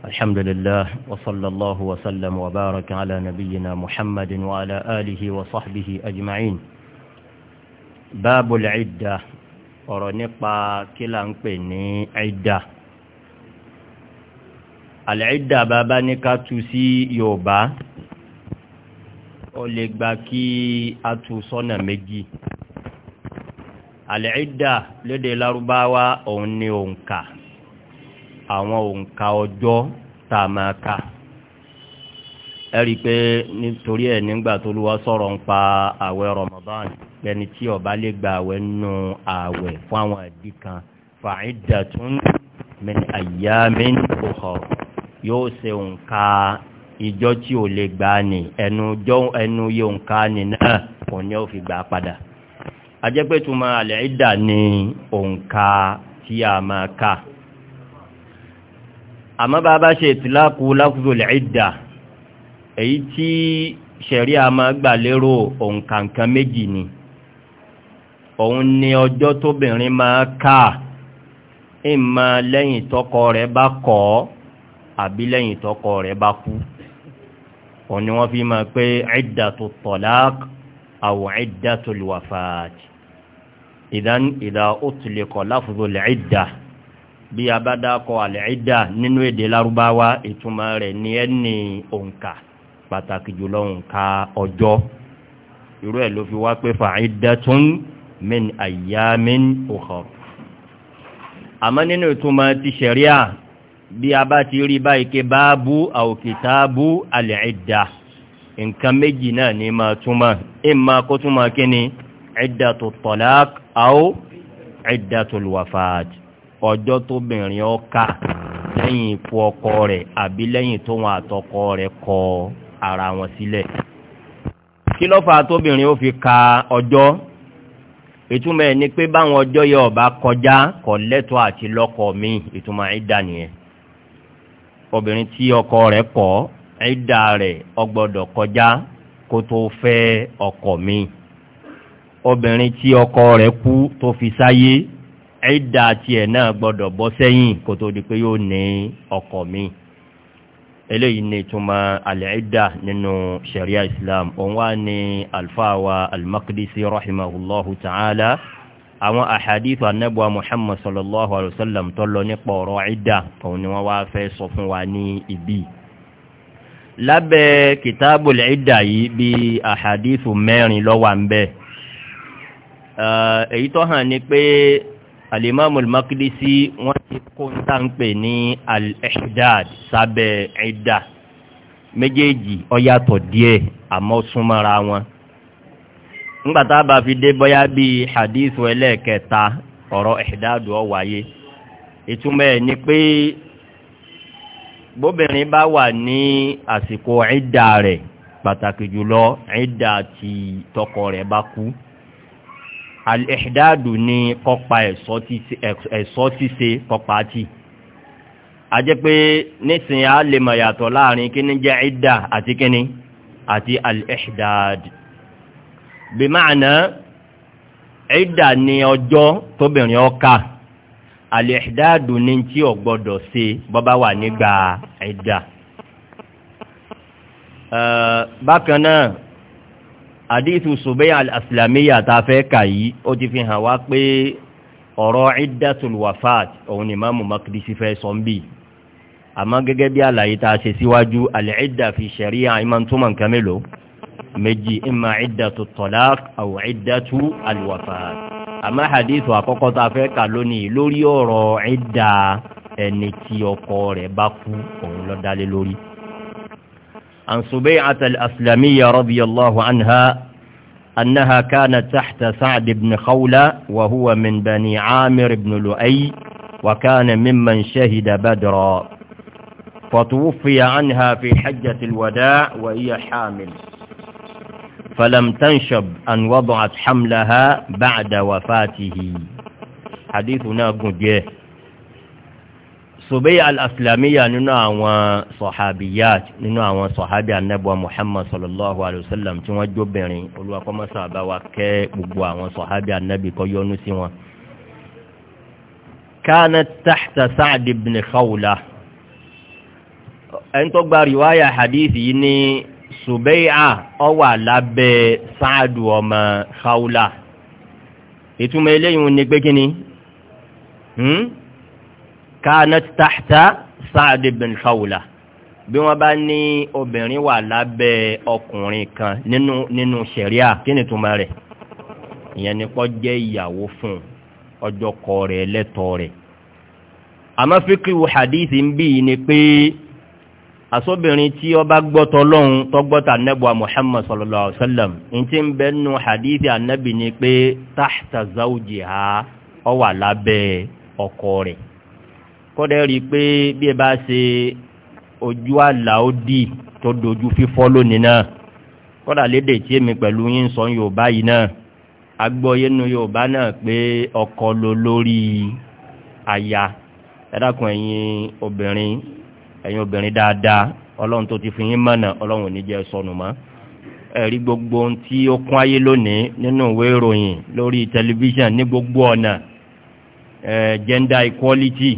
الحمد لله وصلى الله وسلم وبارك على نبينا محمد وعلى آله وصحبه أجمعين باب العدة ورنقى كلانقني عدة العدة بابا نكاتوسي يوبا ó lè gba kí a tu sọ́nà méjì àwọn òǹkà ọjọ́ tá a máa kà ẹ rí pé nítorí ẹ̀ nígbà tó lówó sọ̀rọ̀ ń pa àwẹ̀ Ramadan lẹni tí ó bá lè gba àwẹ̀ nù àwẹ̀ fún àwọn ẹbí kan fa'iddatun min ayyamin ukhar yóò ṣe òǹkà ìjọ tí ò lè gbà ní ẹnu jọ ẹnu yẹ òǹkà ní náà kò ní ó fi gbà padà ajẹ́pẹ́tùmọ̀ àlẹ́ ìdà ní òǹkà tí a máa kà àmọ́ bá bá ṣe ìtìláàkù láfúzò lẹ́ìdà èyí tí ṣẹ̀rí a máa gbà lérò òǹkàǹkan méjì ni òun ni ọjọ́ tóbìnrin máa ká ìmọ̀ lẹ́yìn tọ́kọ rẹ̀ bá kọ̀ ọ́ àbí lẹ́yìn tọ́kọ rẹ̀ bá kú òun ni wọ́n fi máa pé iddatu talaq aw iddatul wafat idan idha utliqa láfúzò lẹ́ìdà bí a bá dákọ àlẹ́ìdá nínú èdè lárúbáwá ìtumọ̀ rẹ̀ ní ẹni òǹkà pàtàkì jùlọ òǹkà ọjọ́ irú ẹ̀ ló fi wá pé fa'iddatun min ayyamin ukhar àmọ́ nínú ìtumọ̀ ti ṣẹ̀ríà bí a bá ti rí báyìí ké báábú aw àlẹ́ìdá nǹkan méjì náà ní máa túmọ̀ ìmọ̀ kó túmọ̀ kí ni iddatu talaq aw iddatu alwafat ọjọ́ tó bìnrin ọkà lẹ́yìn ikú ọkọ rẹ̀ àbí lẹ́yìn tó wọn àtọkọ rẹ̀ kọ ara wọn sílẹ̀ kí ló fà tóbìnrin ó fi ka ọjọ́ ìtumọ̀ ẹ̀ ni pé báwọn ọjọ́ yẹ ọba kọjá kọ lẹ́tọ̀ àti lọ́kọ mi ìtumọ̀ ìdá nìyẹn obìnrin tí ọkọ rẹ̀ kọ ìdá rẹ̀ ọgbọ́dọ̀ kọjá kó tó fẹ́ ọkọ mi obìnrin tí ọkọ rẹ̀ kú tó fi sáyé ẹ̀dà tiẹ̀ náà gbọ́dọ̀ bọ́ sẹ́yìn kó tó di pé yóò ní ọkọ mi eléyìí ni túmọ̀ al-idda nínú sharia islam òun wá ní alfaawa al-maqdisi rahimahullahu ta'ala àwọn àhàdìtò anábọ̀ muhammad sallallahu alayhi wa sallam tó lọ nípa ọ̀rọ̀ ẹ̀dà òun ni wọ́n wá fẹ́ sọ fún wa ní ibi lábẹ́ kìtàbù ẹ̀dà yìí bí àhàdìtò mẹ́rin ló ń bẹ èyí tó hàn ni pé alimamul makidisi wọ́n ti kó ń tà ń pè ní al-ihdad sábẹ́ ẹ̀dá méjèèjì ó yàtọ̀ díẹ̀ àmọ́ súnmọ́ra wọn ńgbàtà bá fi dé bọ́yá bí hadithu ẹlẹ́ẹ̀kẹta ọ̀rọ̀ ihdadu ó wáyé ìtumọ̀ ẹ̀ ni pé bóbìnrin bá wà ní àsìkò ẹ̀dá rẹ̀ pàtàkì jùlọ ẹ̀dá tí tọkọ rẹ̀ bá kú al-ihdadu ni kọpa ẹ̀sọ́ ṣíṣe kọpa tí a jẹ́ pé nísìnyí a lè mọ̀ yàtọ̀ láàrin kíní jẹ́ ìdá àti kíní àti al-ihdad bí ma'ana ìdá ni ọjọ́ tóbìnrin ọka al-ihdadu ni tí ó gbọ́dọ̀ ṣe bọ́bá wà nígbà ìdá bákan àdíìsù ṣùgbẹ́ al-islamiyya ta fẹ́ kà yìí ó ti fi hàn wá pé ọ̀rọ̀ iddatul wafat òun ni Imamu Maqdisi fẹ́ sọ ń bì àmọ́ gẹ́gẹ́ bí àlàyé ta ṣe síwájú al-idda fi sharia ìmọ̀ túmọ̀ nǹkan mélòó méjì imma iddatu talaq aw iddatu al-wafat àmọ́ àdíìsù àkọ́kọ́ ta fẹ́ kà lónìí lórí ọ̀rọ̀ idda ẹni tí ọkọ rẹ̀ bá kú òun ló dálé lórí. عن سبيعة الأسلمية رضي الله عنها أنها كانت تحت سعد بن خولة وهو من بني عامر بن لؤي وكان ممن شهد بدرا فتوفي عنها في حجة الوداع وهي حامل فلم تنشب أن وضعت حملها بعد وفاته حديثنا قد Subayya al-Islamiyya nínú àwọn sahabiyat nínú àwọn sahabi anabuwa Muhammad sallallahu alayhi wa sallam tí wọ́n jóbìnrin olùwàkọ́mọ́sá bá wa kẹ́ gbogbo àwọn sahabi anabi kọ́ yọ́nú sí wọn. كانت تحت سعد بن kanat tahta Sa'd ibn Khawla bí wọ́n bá ní obìnrin wà lábẹ́ ọkùnrin kan nínú nínú ṣẹ̀ríà kí ni túmọ̀ rẹ̀ ìyẹn ni kó jẹ́ ìyàwó fún ọjọ́ kọ rẹ̀ lẹ́tọ̀ọ́ rẹ̀ àmọ́ fíkìwò hadith ń bí ni pé asóbìnrin tí ó bá gbọ́tọ̀ lọ́hun tó gbọ́tà nẹ́bùa Muhammad sallallahu alaihi wasallam ní tí hadith ànábì ni pé tahta zawjiha ó wà lábẹ́ ọkọ rẹ̀ kọ́dẹ̀ rí i pé bí ẹ bá ṣe ojú àlà ó dì tó dojú fífọ́ lónìí náà kọ́dà lédè tí èmi pẹ̀lú yín sọ yorùbá yìí náà agbọ́yé nu yorùbá náà pé ọkọ lo lórí aya ẹ̀dàkùn ẹ̀yin obìnrin ẹ̀yin obìnrin dáadáa ọlọ́run tó ti fi yín mọ̀nà ọlọ́run ò ní jẹ́ sọnù mọ́ ẹ̀rí gbogbo ohun tí ó kún ayé lónìí nínú ìwé ìròyìn lórí tẹlifíṣàn ní gbogbo ọ̀nà gender equality